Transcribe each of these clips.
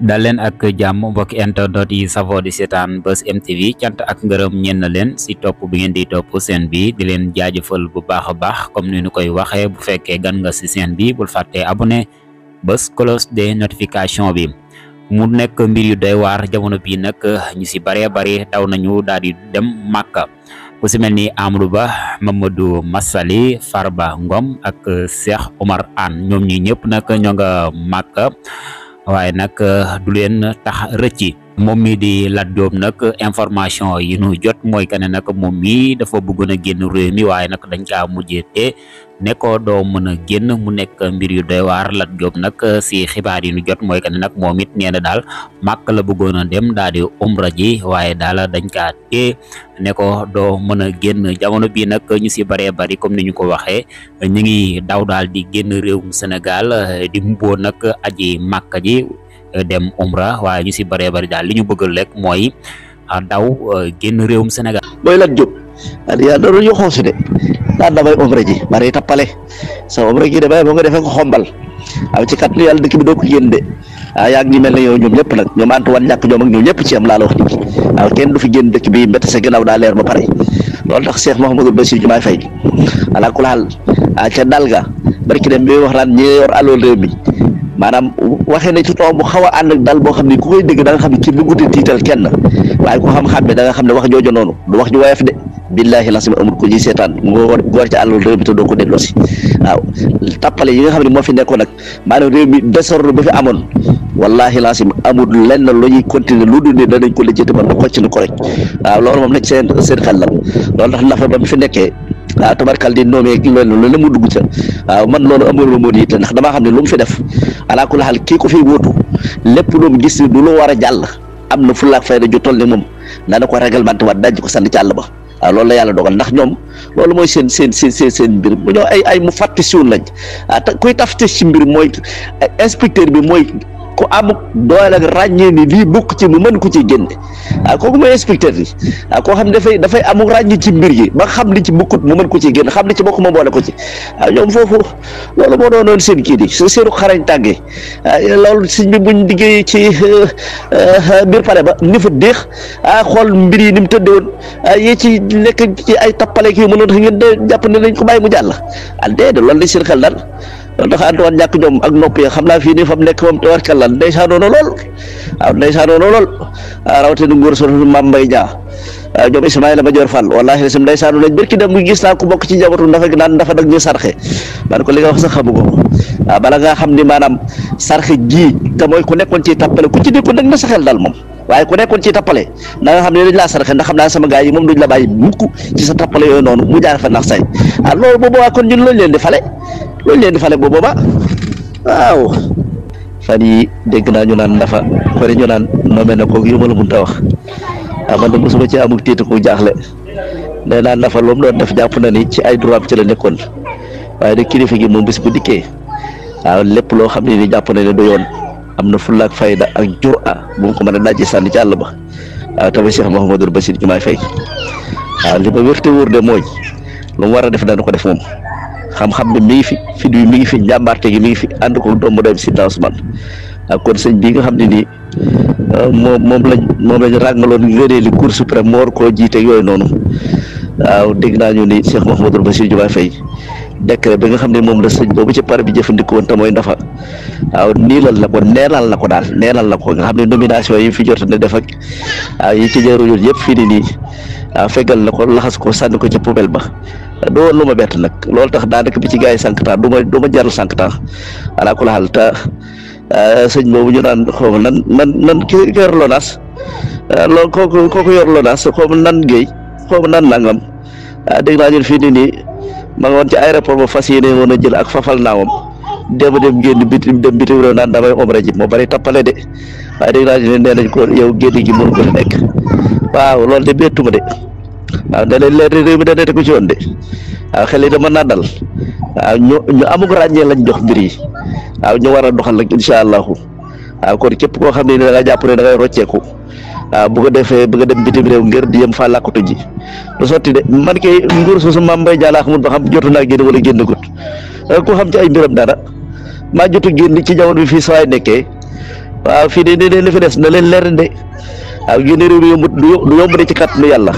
dalen leen ak jàmm mbokk internet yi Savo di setan bus MTV cyant cant ak ngërëm ñenn len ci top bi ngeen di top sen bi di len jaajeufal bu baax baax comme ni ñu koy waxee bu fekke gan nga ci sen bi bu faté abonné bus close de notification bi mu nek mbir yu doy war jamono bi nak ñu ci bare bari taw nañu dal di dem makka ku ci melni ni Amadou Ba Mamadou Massali Farba Ngom ak Cheikh Omar an ñom ñi ñëpp nak ñonga makka waaye nag euh, du leen tax rëcci moom mii di Lat Diop nag information yi nu jot mooy que ne nag moom mii dafa bëggoon a génn réew mi waaye nag dañ kaa mujjee te ne ko doo mën a génn mu nekk mbir yu doy waar Lat Diop nag si xibaar yi nu jot mooy que nag moom it nee na daal màkk la bëggoon a dem daal di umra ji waaye daal dañ kaa te ne ko doo mën a génn jamono bii nag ñu si bëree bari comme ni ñu ko waxee ñu ngi daw daal di génn réewum Sénégal di muboo nag aji màkk ji Eh, dem umrah waye ñu si bare bari daal li ñu bëgg lek moy daw genn réewum sénégal moy la ad ya daru ñu xoosu de da bay umrah ji bari tapalé sa umrah ji de bay mo nga defé ko xombal am ci kat lu yalla dëkk bi do ko yeen de yaag ñi mel yow ñoom ñëpp nak ñoom antu wan ñak ñoom ak ñoom ñëpp ci am la la wax ni aw kenn du fi genn dëkk bi bëtt sa gënaaw da leer ba paré loolu tax cheikh mahamadou basir jumaay fay ala a ah, ca dalga barki dem bi wax lan ñi yor alol rew mi maanaam waxee na ci tom bu xaw a ànd ak dal boo xam ne ku koy dégg da nga xam ne kii bi guddi tiital kenn waaye ku xam-xam bi da nga xam ne wax joojo noonu du wax ju woyof de billaahi lancima amul ku ñuy seetaan ngoor goor ci àll réew mi te doo yi nga xam ne moo fi nekkoon nag maanaam réew mi désordre ba fi amoon wallaahi lancima amul lenn lu ñuy continuer lu dul ne danañ ko lijjanti ba ko ci ni ko rek waaw loolu moom nag seen seen xel la loolu tax nafa ba mu fi nekkee waaw tabarkal di noomee loolu loolu dugg ca waaw man loolu amul moo nit la ndax damaa xam ne lu mu fi def alaa kulli xaal kii ko fi wóotu lépp lu mu gis du lu war a jàll am na fulla ak fayda ju toll ni moom dana ko réglementé waat daj ko sànni ci àll ba waaw loolu la yàlla dogal ndax ñoom loolu mooy seen seen seen seen seen mbir bu ñoo ay ay mu fàttisiwun lañ ah kuy taftis ci mbir mooy inspecteur bi mooy ku am doole ak ràññee ni lii bokk ci mu mën ko ci génn ah kooku mooy inspecteur bi ah koo xam ne dafay dafay amu ràññi ci mbir yi ba xam li ci bokkut mu mën ko ci génn xam li ci bokk ma boole ko ci ah ñoom foofu loolu moo doonoon seen kii di seenu xarañ tàggee ah, loolu sëñ bi buñ liggéey ci ah, biir ba ni fa déex ah, xool mbir yi ni mu tëddewoon ci nekk ci ay tappale kii mënoon ngeen de jàpp ne nañ ko bàyyi mu jàll ah déedéet loolu lañ seen xel daal loolu dafa ànd waan ñàkk jom ak nopp yi xam na fii nii fa mu nekk moom tawarkalla ndeysaanoona lool waaw ndeysaanoona lool waaw ah, rawatina góor su Mame Mbaye Niang waaw ah, ñoom Ismaïla Madior Fall wallaahi la sim ndeysaanu lañ barki dem gis naa ku bokk ci njabootu ndafa naan ndafa nag ñu sarxe man ko li wax sax xamu ko waaw ah, bala xam ni maanaam sarxe gii te mooy ku nekkoon ci tàppale ku ci nekkoon nag na sa xel daal moom waaye ku nekkoon ci tappale da nga xam ne dañ laa saraxe ndax xam naa sama gars yi moom duñ la bàyyi mukk ci sa tappale yooyu noonu mu jaar fa nax say ah loolu bu boobaa kon ñun loolu leen di fale leen di fale bu waaw fan yi dégg naa ñu naan dafa pare ñu naan noome na ko yóbbu la mun ta wax ah man de mosuma ci amul tiit ku jaaxle nee naa nafa loom doon def jàpp na ni ci ay droit ci la nekkoon waaye de kilifa gi moom bis bu dikkee waaw lépp loo xam ne ni jàpp na ne du yoon am na fullaak fayda ak jura ah, bu mu ko mën a dajee sànni ci àll ba waaw ah, tamit Cheikh Mouhamadul Bachir Diomaye Faye waaw ah, li ma wérte wóor de mooy lu war a def dana ko def xam-xam bi mi ngi fi fit bi mi ngi fi njàmbaarte gi mi ngi fi ànd ko doomu doom si Ousmane ak kon sëñ bi nga xam ne nii moom moom lañ moom lañ ràngaloon ngënee li cour suprême moo war koo jiite yooyu noonu waaw dégg naa ñu ni Cheikh Mouhamadul Bachir Diomaye Faye décret bi nga xam ne moom la sëñ boobu ci pare bi jëfandikoo woon te mooy ndafa waaw niilal la ko neenal na ko daal neenal na ko nga xam ne nomination yi fi jot ne def ak waaw yi ci jaarul yëpp fii nii nii waaw fegal la ko laxas ko sànni ko ci poubelle ba doo lu ma bett nag loolu tax daanaka bi ci gars yi sànq temps du ma du ma jaral sànq temps ala euh, sëñ boobu ñu naan xaw ma nan nan nan ki yor lonaas euh, loolu kooku kooku yor lonaas xaw ma nan géey xaw nan nangam dégg naa ñun fii nii nii. ma nga woon ci aéroport ba fas yéene woon a jël ak fafal naawam dem dem génn bitim dem bitim réew naan damay omra ji moo bari tappale de waaye dañ laa ne nee nañ ko yow génn gi mënu ko nekk waaw lool de bettuma de waaw da leer réew mi da leen ko ci de waaw xel yi dama naa dal waaw ñu ñu amug ràññee lañ jox mbir yi waaw ñoo war a doxal nag incha allahu waaw kon képp koo xam ne da ngaa jàpp ne da ngay rocceeku waaw bu ko defee bu nga dem bitim réew ngir di yem faa làkkatu ji lu sotti de man kay nguur soosu maam Mbaye Diallo xamul ba xam jotu naa génn wala génn gut eh, ku xam ci ay mbiram dara maa jotu génn ci jamono bi fii sawaay nekkee waaw fii de nee li fi des na leen leer de waaw génn réew mi yombut du yomb de ci kàttanu yàlla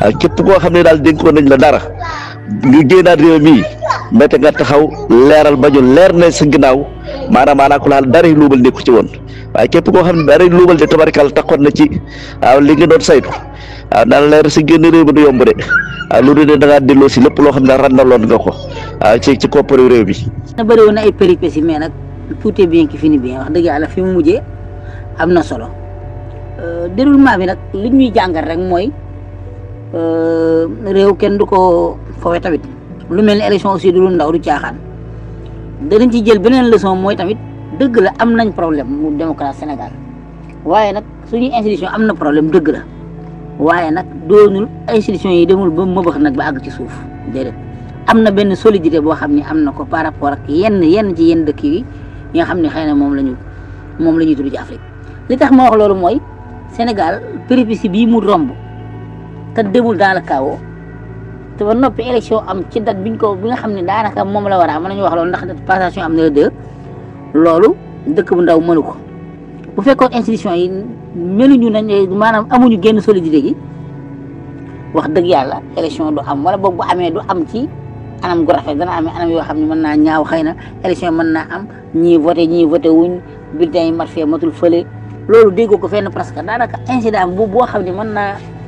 waaw képp koo xam ne daal dénkoon nañ la dara ñu génnaat réew mi mbéte nga taxaw leeral ba ñu leer ne sa ginnaaw maanaam maanaam ku laal dara luubal nekku ci woon waaye képp koo xam ne dara luubal de tabarkal taxoon na ci waaw li doon saytu waaw daal leer si génn réew mi du yomb de waaw lu dul ne da ngaa si lépp loo xam ne ràndaloon nga ko waaw ci ci kopparu réew mi. na bëri woon na ay péripéties mais nag tout est bien qui finit bien wax dëgg yàlla fi mu mujjee am na solo euh, déroulement bi nag li ñuy rek mooy. réew kenn du ko fowe tamit lu mel ni élection aussi du lu ndaw du caaxaan danañ ci jël beneen leçon mooy tamit dëgg la am nañ problème mu démocrate Sénégal waaye nag suñuy institution am na problème dëgg la waaye nag doonul institution yi demul ba mëbax nag ba àgg ci suuf déedéet am na benn solidité boo xam ne am na ko par rapport ak yenn yenn ci yenn dëkk yi nga xam ni xëy na moom la ñu moom la ñuy tudd ci Afrique li tax ma wax loolu mooy Sénégal péripétie bii mu romb te demul daanaka woo te ba noppi élection am ci date biñ ko bi nga xam ne daanaka moom la war a mën nañu wax loolu ndax passation am na le loolu dëkk bu ndaw mënu ko bu fekkoon institution yi meluñu nañ maanaam amuñu génn solidité gi wax dëgg yàlla élection du am wala boobu bu amee du am ci anam gu rafet dana amee anam yoo xam ne mën naa ñaaw xëy na élection mën naa am ñii voté ñii voté wuñ bulletin yi mat fee matul fële loolu déggoo ko fenn parce que daanaka incident bu xam ne mën naa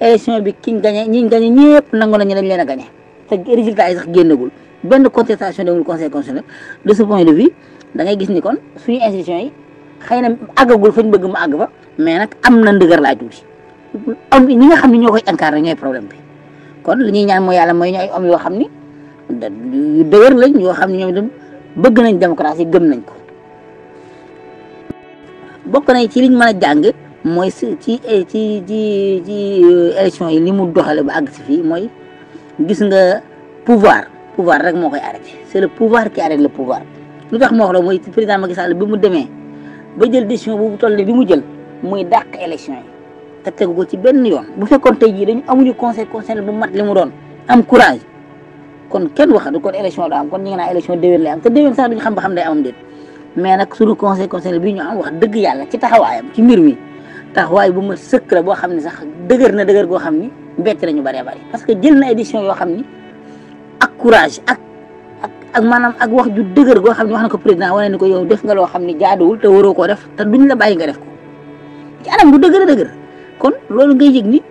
élection bi ki ñu gagné ñi ñu gagné ñëpp nangu nañu dañ leen a gagné te résultat yi sax génnagul benn contestation demul conseil constitutionnel de ce point de vue dangay gis ni kon suñu institution yi xëy na àggagul fañ bëgg mu àgg fa mais nag am na ndëgër laa tuuti am ñi nga xam ne ñoo koy incarné ñooy problème bi kon li ñuy ñaan mooy yàlla mooy ñu ay hommes yoo xam ni yu lañ yoo xam ne ñoom itam bëgg nañ démocratie gëm nañ ko bokk nañ ci liñ mën a jàng mooy eh, ci ci ci ci eh, ci élection yi li mu doxale ba àgg si fii mooy gis nga pouvoir pouvoir rek moo koy arrêté c'est le pouvoir qui arrête le pouvoir lu tax moo wax la mooy président Macky Sall bi mu demee ba jël décision boobu toll ni bi mu jël muy dàq élection yi te tegu ko ci benn yoon bu fekkoon tey jii dañu amuñu conseil conseil bu mat li mu doon am courage kon kenn waxatu kon élection du am kon ñu ngi naan élection déwén lay am te déwén sax duñu xam ba xam day am déet mais bi ñu wax dëgg yàlla ci taxawaayam ci mbir mi taxawaay bu ma sëkk la boo xam ne sax dëgër na dëgër goo xam ni bett nañu bëree bëri parce que jël na édition yoo xam ni ak courage ak ak ak maanaam ak wax ju dëgër goo xam ne wax na ko président wane ni ko yow def loo xam ne jaaduwul te waroo koo def te duñ la bàyyi nga def ko ci anam bu dëgër a dëgër kon loolu ngay yëg ni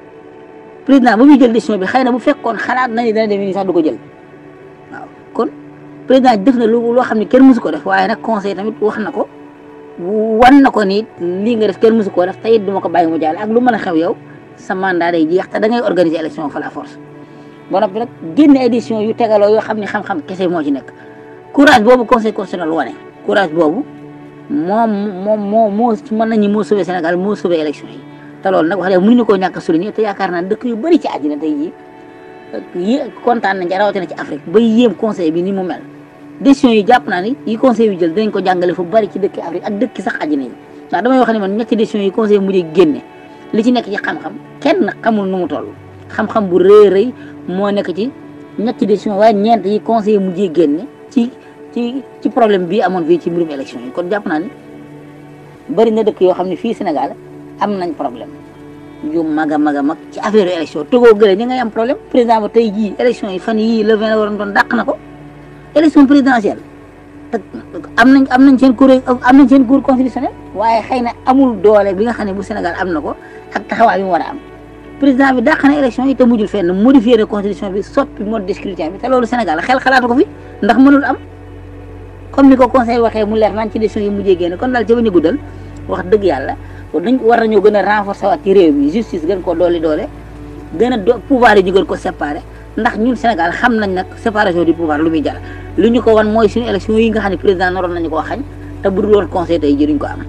président ba muy bi xëy na bu fekkoon xalaat na ni dana demee du ko jël waaw kon président def na lu loo xam ne kenn mësu ko def waaye nag conseil tamit wax na ko wan na ko ni lii nga def kenn mësu koo def te it duma ko bàyyi mu jàll ak lu mën a xew yow sa mandat day jeex te da ngay organiser élection fa la force ba noppi nag génne édition yu tegaloo yoo xam ni xam-xam kese moo ci nekk courage boobu conseil constitutionnel wane courage boobu moom moom moo moo mën nañu moo sauvé Sénégal moo sauvé élection yi te loolu nag wax dëgg mënuñu koo ñàkk a souligner te yaakaar naa dëkk yu bëri ci àddina tey jii kontaan nañ ci rawatina ci Afrique ba yéem conseil bi ni mu mel décisions yi jàpp naa ni yi conseil yu jël dañ ko jàngale fu bari ci dëkki Afrique ak dëkki sax àjjana yi ndax damay wax ne man ñetti décisions yi conseil mujjee génne li ci nekk ci xam-xam kenn xamul nu mu toll xam-xam bu rëy rëy moo nekk ci ñetti décisions waaye ñeent yi conseil mujjee génne ci ci ci problème bii amoon fii ci mbirum élection yi kon jàpp naa ni bari na dëkk yoo xam ne fii Sénégal am nañ problème yu mag a mag a mag ci affaire élection togoo gële ñi ngay am problème président ba tey jii élection yi fan yii le 20 la waroon doon dàq na ko élection présidentielle am nañ am nañ seen cour am nañ seen cour constitutionnel waaye xëy na amul doole bi nga xam ne bu Sénégal am na ko ak taxawaay bi mu war a am président bi dàq na élection yi te mujjul fenn modifié na constitution bi soppi mode de bi te loolu Sénégal xel xalaatu ko fi ndax mënul am comme ni ko conseil waxee mu leer naan ci décision yi mujjee génn kon daal ca ba ñu guddal wax dëgg yàlla war nañoo gën a renforcer wa ci réew mi justice gën ko dooli doole gën a pouvoir ndax ñun Sénégal xam nañ nag séparation du pouvoir lu muy jar li ñu ko wan mooy suñu élection yi nga xam ne président naroon nañu ko xañ te bu dul woon conseil tey ji duñ ko am